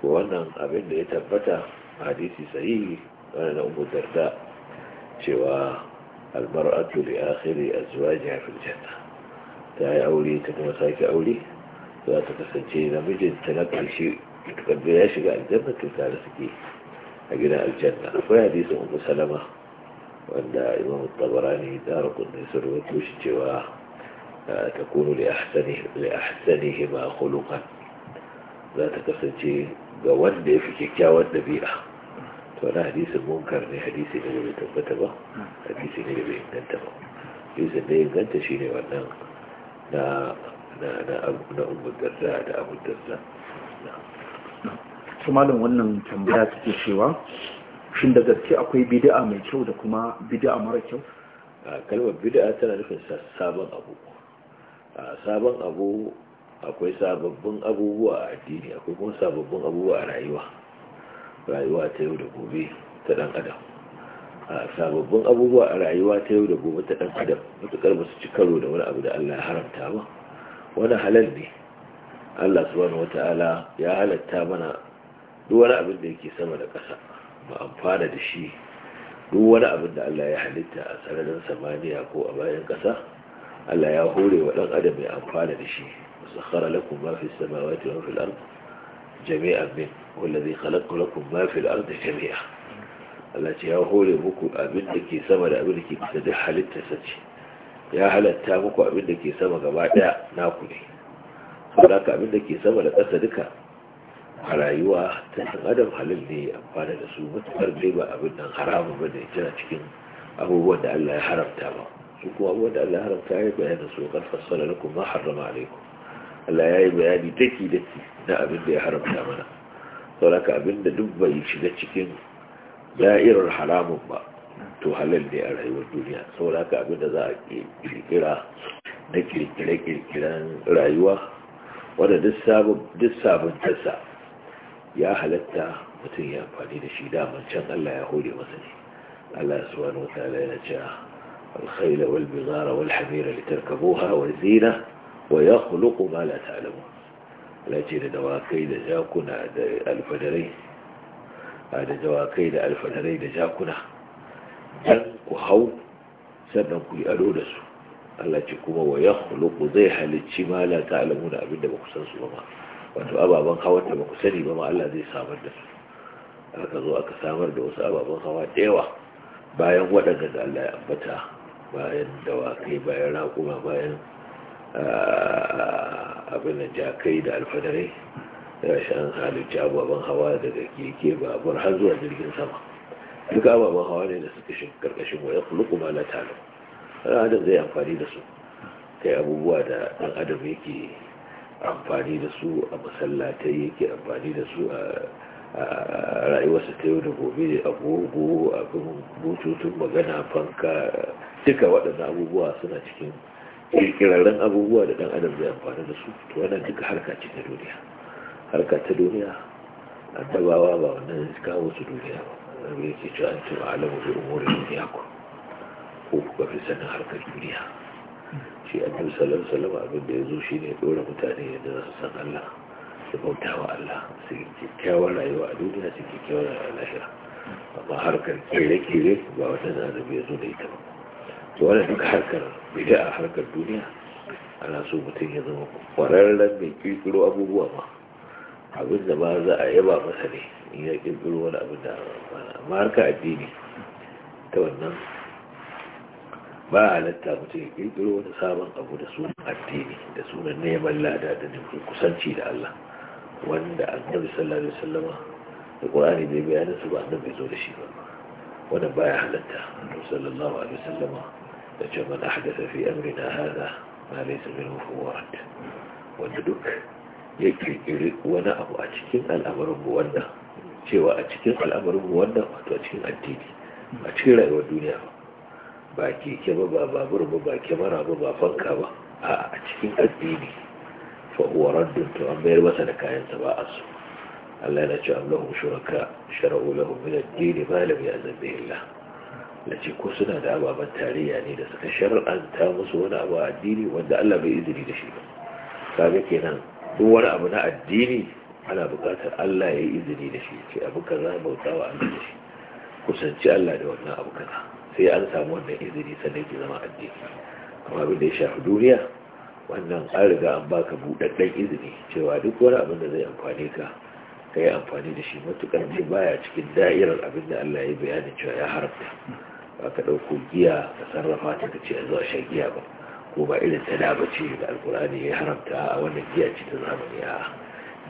ko wannan abin da ya tabbata hadisi sahihi wani na umu darda cewa almar'atu li akhiri azwajiha fil janna ta yi aure ta kuma sake aure za ta kasance ta na ƙarshe kando ya shiga aljanna to tare suke a gidan aljanna akwai hadisin ummu salama wanda imam tabarani da rukunni sun rubuto shi cewa ah, takunu li ahsani li ahsanihi ma khuluqan za ta kasance ga wanda ya fi kyakkyawan dabi'a to na hadisin munkar ne hadisi ne bai tabbata ba hadisi ne bai inganta ba hadisin da inganta shine wannan na na na na ummu darda da abu darda su malam wannan tambaya suke cewa shin da gaske akwai bid'a mai kyau da kuma bid'a mara kyau kalmar bid'a tana nufin sabon abu sabon abu akwai sababbin abubuwa a addini akwai kuma sababbin abubuwa a rayuwa rayuwa ta yau da gobe ta dan adam sababbin abubuwa a rayuwa ta yau da gobe ta dan adam mutukar ba su ci karo da wani abu da Allah ya haramta ba wani halal ne Allah subhanahu wata'ala ya halatta mana duk wani abin da yake sama da ƙasa mu amfana da shi duk wani abin da Allah ya halitta a sararin samaniya ko a bayan ƙasa Allah ya hore wa ɗan adam ya amfana da shi sakhara lakum ma fi samawati wa fil ard jami'a min wallazi khalaqa lakum ma fil ard jami'a Allah ce ya hore muku abin da ke sama da abin da ke kusa da halitta sace ya halatta muku abin da ke sama gaba ɗaya naku ne za ka abin da ke sama da ƙasa duka a rayuwa ta ɗan adam halal ne amfana da su matuƙar dai ba abin nan haramun ba da ya jira cikin abubuwan da Allah ya haramta ba su kuma abubuwan da Allah ya haramta ya yi bayanin su kan fassara lakum ma Allah ya yi bayani daki daki na abin da ya haramta mana saboda ka abin da duk bai shiga cikin da'irar haramun ba to halin ne a rayuwar duniya saboda abin da za a kirkira na kirkire-kirkiren rayuwa wanda duk sabuntarsa ya halatta mutum ya amfani da shi damar can Allah ya hore masa ne Allah subhanahu wa ta'ala yana cewa alkhaila wal bizara wal hamira litarkabuha wa zina wa yakhluqu ma la ta'lamun Allah ce da dawakai da jakuna da alfadarai da dawakai da alfadarai da jakuna dan ku hau sannan ku yi ado da su Allah ce kuma wa huluku zai halicci ma la ta'lamuna abinda ba ku san su ba ma wato ababan hawa da ba ku sani ba ma Allah zai samar da su aka zo aka samar da wasu ababan hawa da yawa bayan waɗanda da Allah ya ambata bayan dawakai bayan raƙuma bayan ah, abin da jakai da alfadarai ya shi an halicci ababen hawa daga keke babur har zuwa jirgin sama duk ababen hawa ne da suka shi karkashin wa ya kulu kuma na ɗan adam zai amfani da su kai abubuwa da ɗan adam yake amfani da su a masallatai yake amfani da su a rayuwarsa ta yau da gobe agogo abin bututun magana fanka duka waɗannan abubuwa suna cikin kirkirarren abubuwa da ɗan adam zai amfani da su to wannan duka harka ce ta duniya harka ta duniya annabawa ba wannan kawo su duniya ba wanda yake cewa an ce alamu bi umuri duniya ko ko kuka fi sanin harkar duniya shi a sallallahu salam wasallam abin da ya zo shi ne dora mutane yadda za su san Allah su bauta wa Allah su yi kyakkyawar rayuwa a duniya su kyakkyawar rayuwa a lahira amma harkar kere-kere ba wata annabi ya zo da ita ba to wani duka harkar bid'a harkar duniya ana so mutum ya zama kwararren mai kirkiro abubuwa ma abin da ba za a yaba masa ne in ya kirkiro wani abin da amma harkar addini ta wannan ba halatta mutum ya kirkiro wani sabon abu da sunan addini da sunan neman lada da nufin kusanci da Allah wanda annabi sallallahu alaihi wasallam da qur'ani bai bayyana su ba annabi bai zo da shi ba wanda baya halatta annabi sallallahu alaihi wasallam da ce man ahdatha fi amrina hadha ma laysa minhu fawarat wanda duk ya kirkiri wani abu a cikin al'amarin mu wannan cewa a cikin al'amarin mu wannan wato a cikin addini a cikin rayuwar duniya ba ba keke ba ba babur ba ba ba ba fanka ba a cikin addini fa huwa raddun to an mayar masa da kayan kayansa ba a so Allah yana cewa lahum shuraka shara'u lahum min ad-din ma lam ya'zan bihi Allah ce ko suna da ababen tarayya ne da suka shar'anta musu wani abu a addini wanda Allah bai izini da shi ba kaga kenan duk wani abu na addini ana buƙatar Allah ya yi izini da shi ce abu kaza bautawa Allah da shi kusanci Allah da wannan abu kaza sai an samu wannan izini sannan ki zama addini amma abin da ya shafi duniya wannan an riga an baka buɗaɗɗen izini cewa duk wani abin da zai amfani ka ka yi amfani da shi matukar ne baya cikin da'irar abin da Allah ya bayani cewa ya haramta ba ka ɗauko giya ka sarrafa ta ka ce a zuwa shan giya ba ko ba irin ta daba ce da alkurani ya haramta a wannan giya ce ta zamani a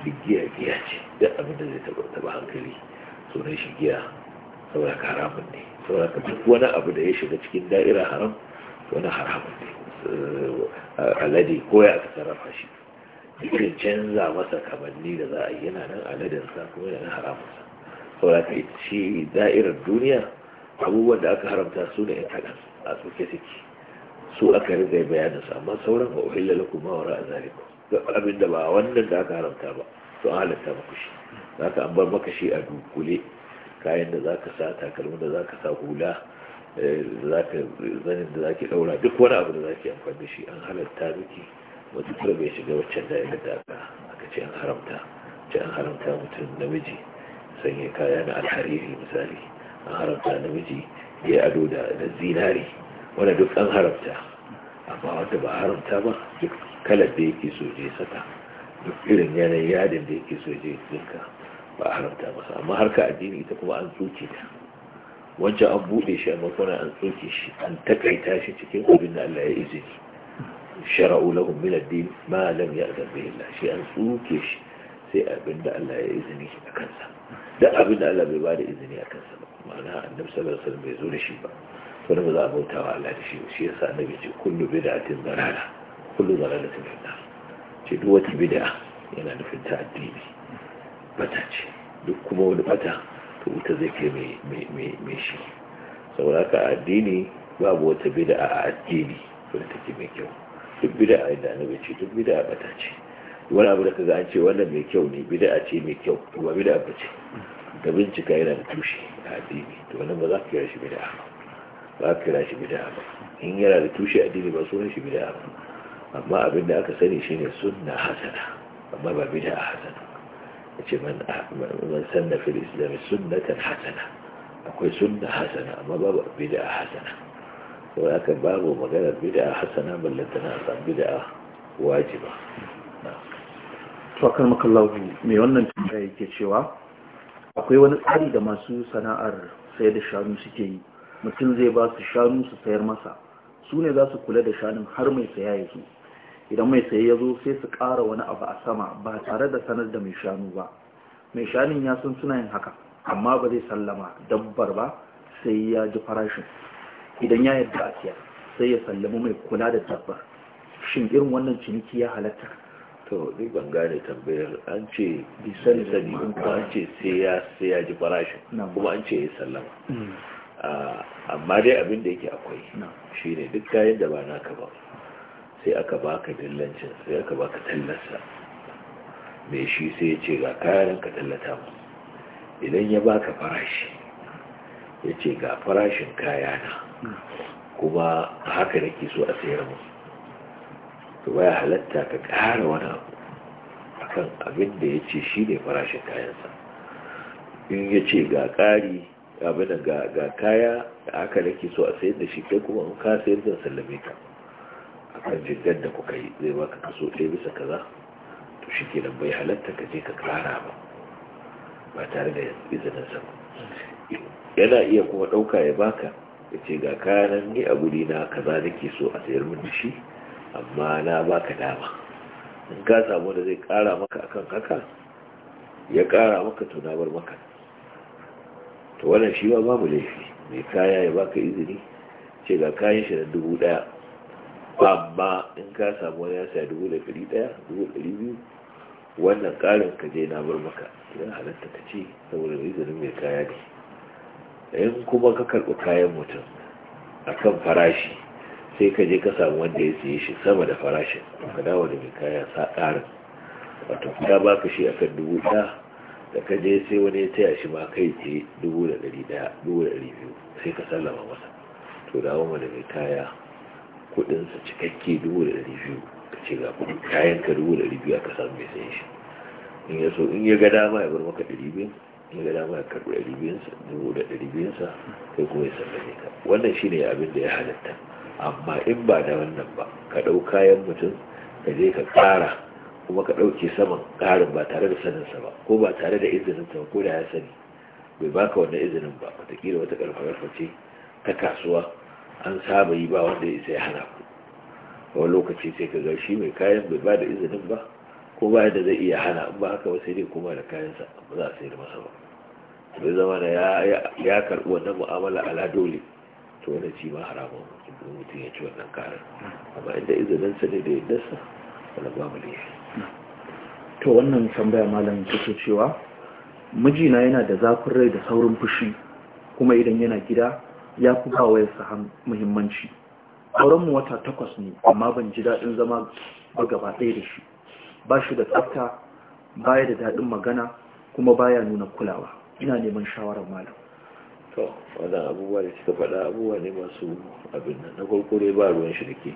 duk giya giya ce duk abin da zai taɓa hankali sunan shi giya saboda karamin ne saboda duk wani abu da ya shiga cikin da'ira haram wani haram ne eh, alade ko ya aka sarrafa shi irin canza masa kamanni da za a yi yana nan aladensa kuma yana haramunsa saboda ka da'irar duniya abubuwan da aka haramta su ne kaɗan a tsoke suke su aka riga yi su. amma sauran ba uhilla lakum ma wara azalikum abin da ba wannan da aka haramta ba to an halatta muku shi za ka an bar maka shi a dukule kayan da za ka sa takalmin da za ka sa hula eh, zanen da za ki daura duk wani abu da za ki amfani da shi an halatta duki wata kira bai shiga waccan da ya daga aka ce an haramta ce an haramta mutum namiji sanya kaya na alhariri misali an haramta namiji ya ado da zinari wanda duk an haramta amma wanda ba haramta ba duk kalar da yake so je saka duk irin yanayi yadin da yake so je dinka ba a haramta masa amma harka addini ita kuma an tsoke ta wancan an buɗe shi amma kuma an tsoke shi an takaita shi cikin abin da Allah ya izini shara'u lahum min ad-din ma lam ya'zan bihi Allah shi an tsoke shi sai abin da Allah ya izini a kansa da abin da Allah bai ba da izini a kansa ba ma'ana annabi sallallahu alaihi wasallam bai zo da shi ba to ba za a bauta wa Allah da shi shi yasa annabi ce kullu bid'atin dalala kullu dalalatin fi ce duk wata bid'a yana nufin ta addini bata ce duk kuma wani bata to wuta zai kai mai shi sauraka addini babu wata bida a addini wadda take mai kyau duk bida a yadda na ce duk bida a bata ce wani abu da za an ce wannan mai kyau ne bida a ce mai kyau ba bida a bace da bincika yana da tushe a addini to wannan ba za ka kira shi bida ba ba ka kira shi bida ba in yana da tushe addini ba ne shi bida ba amma abin da aka sani shine sunna hasana amma ba bida hasana ce ah, man sanna fil islami sunnatan hasana akwai sunna hasana amma babu bid'a hasana to haka babu maganar bid'a hasana ballantana a san bid'a wajiba to kan makallahu me wannan tambaya yake cewa akwai wani tsari da masu sana'ar sayar da shanu suke yi mutum zai ba su shanu su sayar masa su ne za su kula da shanun har mai saya ya idan mai sai ya zo sai su ƙara wani abu a sama ba tare da sanar da mai shanu ba mai shanun ya sun suna yin haka amma ba zai sallama dabbar ba sai ya ji farashin idan ya yarda a siya sai ya sallama mai kula da dabbar shin irin wannan ciniki ya halatta to ni ban gane tambayar an ce bisani sani an ce sai ya ji farashin kuma an ce ya sallama mm. ah, amma dai abin da yake akwai shine duk kayan da ba naka ba sai aka baka dillancin sai aka baka tallasa mai shi sai ya ce ga kayan ka tallata mu idan ya baka farashi ya ce ga farashin kayana kuma haka ke so a sayar mu to baya halatta ka ƙara wani abu kan abin da ya ce shi ne farashin kayansa in ya ce ga ƙari abin ga kaya da aka ke so a sayar da shi kai kuma in ka sayar zan sallame ka kan da kuka yi zai baka kaso ɗaya bisa kaza to shi ke bai halatta ka je ka kara ba ba tare da izinin sa yana iya kuma ɗauka ya baka ya ce ga kayanan ni a guri na kaza nake so a sayar min da shi amma na baka dama in ka samu da zai kara maka akan haka ya kara maka to na bar maka to wannan shi ba babu laifi mai kaya ya baka izini ce ga kayan shi na dubu ɗaya. amma in ka samu wani ya saya dubu da ɗari ɗaya dubu ɗari biyu wannan ƙarin ka je na bar maka ya halatta ka ce saboda izinin mai kaya ne in kuma ka karɓi kayan mutum a kan farashi sai ka je ka samu wanda ya siye shi sama da farashin ka dawo da mai kaya sa ƙarin wato ka baka shi a kan dubu ɗaya da ka je sai wani ya taya shi ma kai ce dubu da ɗari ɗaya dubu da ɗari biyu sai ka sallama masa to dawo da mai kaya kudinsa cikakke dubu da ɗari biyu ka ce ga kudin kayan ka dubu da ɗari biyu aka samu mai sayan shi in ya so in ya ga dama ya bar maka ɗari biyu in ya ga dama ya karɓi ɗari biyunsa dubu da ɗari sa kai kuma ya sallame ka wannan shine abin da ya halatta amma in ba da wannan ba ka ɗau kayan mutum ka je ka ƙara kuma ka ɗauke saman ƙarin ba tare da saninsa ba ko ba tare da izininsa ba ko da ya sani bai baka wannan izinin ba wataƙila wata ƙarfa ce ta kasuwa an saba yi ba wanda ya sai hana ku wani lokaci sai ka ga shi mai kayan bai ba da izinin ba ko ba da zai iya hana ba haka ba sai dai kuma da kayansa ba za a sayar masa ba bai zama da ya karɓi wannan mu'amala a ladoli to wani ci ma haramun mutum ya ci wannan karar amma inda izininsa ne da sa, wani babu ne to wannan tambaya malam take cewa mijina yana da zafin rai da saurin fushi kuma idan yana gida ya fi ba wayarsa muhimmanci mu wata takwas ne amma ban ji daɗin zama ba gaba ɗaya da shi ba shi da tsafta baya da daɗin magana kuma ba ya nuna kulawa ina neman shawarar malam to wannan abubuwa da suka faɗa abubuwa ne masu abin nan na farko ba ruwan shirki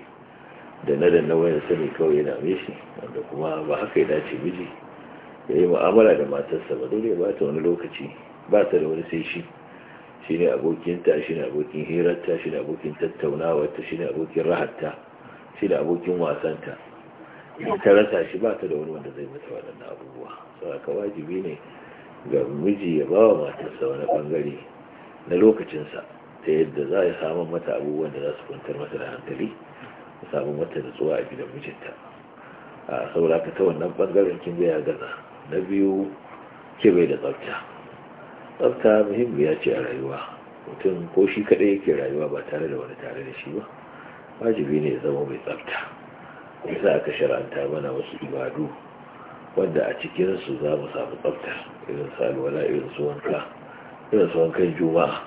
da na da wayan sani kawai yana mishi wanda kuma ba haka ya dace miji ya yi mu'amala da matarsa ba dole ba ta wani lokaci ba ta da wani sai shi shi ne abokinta shi ne abokin hirarta shi ne abokin tattaunawarta shi ne abokin rahatta shi ne abokin wasanta ta rasa shi ba ta da wani wanda zai mata waɗannan abubuwa ka wajibi ne ga miji ya ba wa matarsa wani bangare na lokacinsa ta yadda za a samu mata abubuwan da za su kwantar masa da hankali a samu mata da tsuwa a gidan mijinta a saboda ka ta wannan bangaren kin ga ya gaza na biyu ke bai da tsafta tsafta muhimmiya ce a rayuwa mutum ko shi kaɗai yake rayuwa ba tare da wani tare da shi ba wajibi ne ya zama mai tsafta yasa aka shara'anta mana wasu ibadu wanda a cikinsu za mu samu tsafta irin su alwala irin su wanka irin su wankan juma'a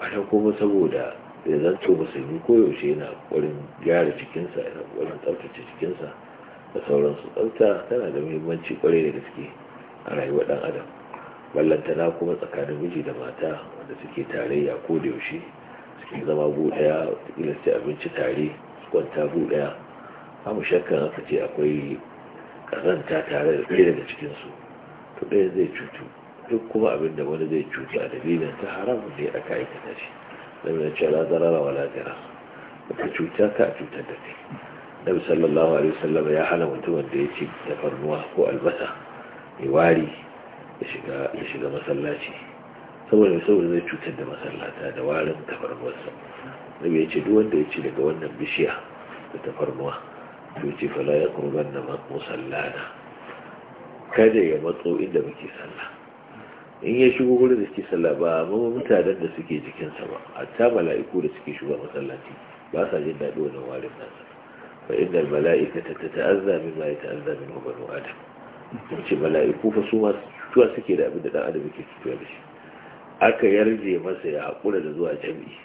wajen kuma saboda ya zanto musulmi koyaushe yana ƙwarin gyara cikinsa yana ƙwarin tsaftace cikinsa da sauransu tsafta tana da muhimmanci kwarai da gaske a rayuwar ɗan adam ballantana kuma tsakanin miji da mata wanda suke tarayya ko da yaushe suke zama bu daya sai abinci tare su kwanta bu daya abu shakka aka ce akwai kazanta tare da ɗaya daga cikinsu to ɗaya zai cutu duk kuma abin da wani zai cutu a dalilin ta haram ne aka aikata shi na mai ce la zarara wala jara ka cuta ka a cutar da kai nabi sallallahu alaihi wasallam ya hana mutumin da ya ce tafarnuwa ko albasa mai wari ya shiga masallaci saboda saboda zai cutar da masallata da warin tafarnuwarsa da ya ce duk wanda ya ce daga wannan bishiya da tafarnuwa to ce fala ya kurban na musallana kada ya matso inda muke sallah in ya shigo wurin da suke sallah ba mama mutanen da suke jikinsa ba ta mala'iku da suke shiga masallaci ba sa jin daɗi wannan warin nasa fa ta'azza min tata'azza mimma yata'azza minhu banu adam ce mala'iku fa su ma cutuwa suke da abin da dan adam yake cutuwa da shi aka yarje masa ya hakura da zuwa jami'i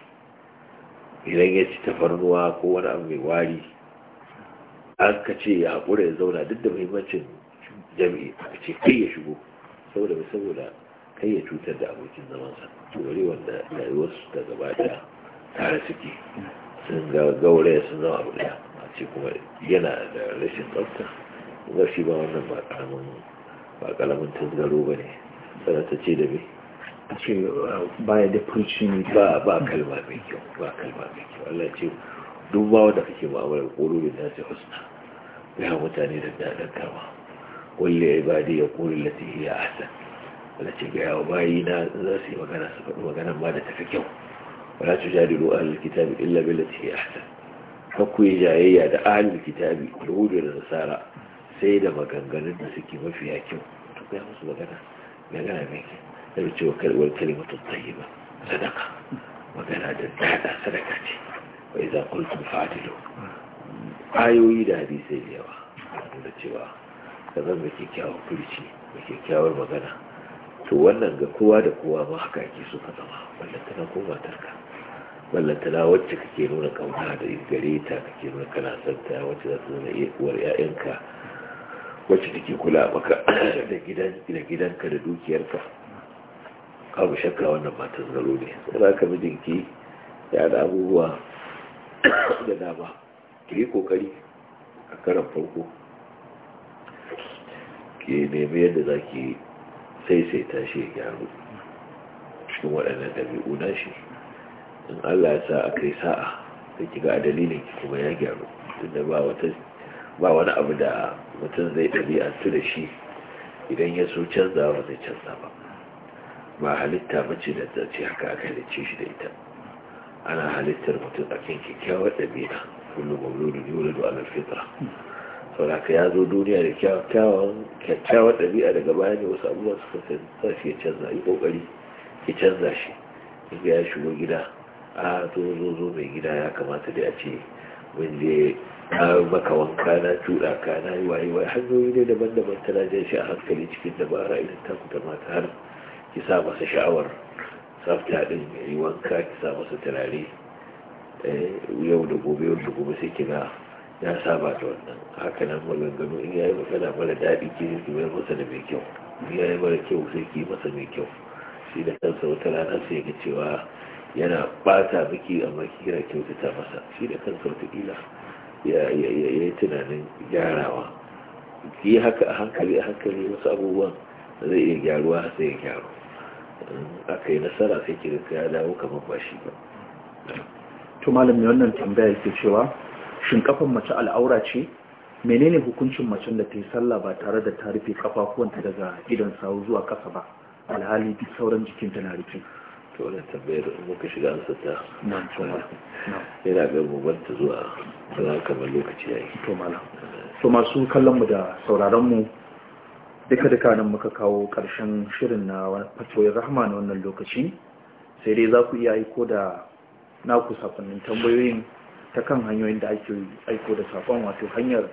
idan ya ci tafarnuwa ko wani abu mai wari aka ce ya hakura ya zauna duk da muhimmancin Jami aka ce kai ya shigo saboda mai saboda kai ya cutar da abokin zamansa wani wanda wasu ta gaba da tare suke sun ga gauraya sun zama abu daya a ce kuma yana da rashin tsafta ga shi ba wannan ba karamin ba kalamin tasgaro ba ne sana ta ce da mai A ce baya da furci ne ba ba kalma mai kyau ba kalma mai kyau Allah ce duk ba wanda kake mu'amalar ƙololin na ce husna ya mutane da daɗin kama ya ba ibadi ya ƙolin lati ya asan wala ce ga yawa bayi na za su yi magana su faɗi magana ba da tafi kyau wala su a ahlul kitabi illa bi billati ya asan kakku yi jayayya da ahlul kitabi yahudu da nasara sai da maganganun da suke mafiya kyau to kai musu magana magana mai kyau da cewa ta yi tayyiba sadaka magana da dada sadaka ce za idza qultum fadilo. ayoyi da hadisai da yawa da cewa ka zama kyakkyawar furci da kyakkyawar magana to wannan ga kowa da kowa ma haka ake so ka zama ballantana ko matarka ballantana wacce kake nuna kauna da gare ta kake nuna kana santa wacce za ta zama iya uwar 'ya'yanka wacce take kula maka da gidanka da dukiyarka abu shakka wannan matan zaro ne sai ka mijinki ya da abubuwa da dama ki yi kokari a karan farko ki nemi yadda za ki sai sai tashi ya gyaru cikin waɗannan ɗabi'u na shi in allah ya sa a kai sa'a da ki ga dalilin ki kuma ya gyaru tunda ba wata ba wani abu da mutum zai ɗabi'antu da shi idan ya so canza ba zai canza ba ba halitta mace da zace haka aka halicce shi da ita ana halittar mutum a kan kyakkyawar ɗabi'a kullum mauludin yau da du'alar fitra sauraka ya zo duniya da kyakkyawar ɗabi'a daga baya ne wasu abubuwan suka sa shi ya canza yi ƙoƙari ya canza shi inda ya shigo gida a ah, zo zo zo mai gida ya kamata da ya ce mun maka wanka na tuɗa ka na yi waye hanyoyi ne daban-daban tana jan shi a hankali cikin dabara idan ta ku mata har ki sa masa sha'awar tsafta ɗin yi wanka ki sa masa turare eh, yau da gobe yau da gobe sai na ya saba da wannan haka nan maganganu in yayi na mara daɗi ki ki mai masa da mai kyau in yayi mara kyau sai ki masa mai kyau shi da kansa wata rana sai ga cewa yana ɓata miki amma kira kyautata masa shi da kansa wata kila ya yi tunanin gyarawa yi haka a hankali a hankali wasu abubuwan zai iya gyaruwa sai ya gyaru aka yi nasara sai ki ya dawo kamar ba shi ba to malam ne wannan tambaya ke cewa shinkafan mace al'aura ce menene hukuncin macen da ta yi sallah ba tare da ta rufe kafafuwanta daga idon sawu zuwa kasa ba alhali duk sauran jikinta na rufe to wani tambayar muka shiga an sata yana ga mubanta zuwa zuwa kamar lokaci ya yi to mala to masu kallonmu da mu, duka duka nan muka kawo karshen shirin na fatoyin rahama na wannan lokaci sai dai za ku iya aiko da naku sakonnin tambayoyin ta kan hanyoyin da ake aiko da sakon wato hanyar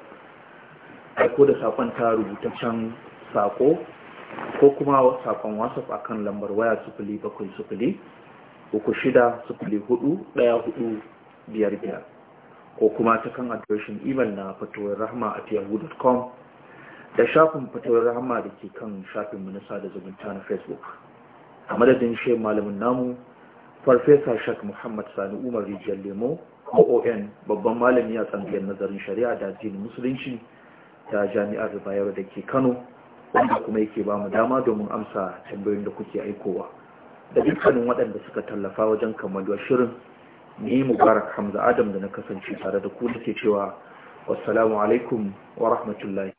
aiko da sakon ta rubutaccen sako ko kuma sakon whatsapp akan lambar waya sufuli bakwai sufuli uku shida sufuli hudu daya hudu biyar biyar ko kuma ta kan adireshin imel na fatowar rahama at yahoo.com da shafin fatowar rahama da ke kan shafin minista da zumunta na facebook a madadin shi malamin namu farfesa shak muhammad sani umar rijiyar lemo ON, babban malami a tsangiyar nazarin shari'a da addinin musulunci ta jami'ar bayero da ke kano wanda kuma yake ba mu dama domin amsa tambayoyin da kuke aikowa da dukkanin waɗanda suka tallafa wajen kammaluwa shirin ni mubarak hamza adam da na kasance tare da ku da ke cewa wassalamu alaikum wa rahmatullahi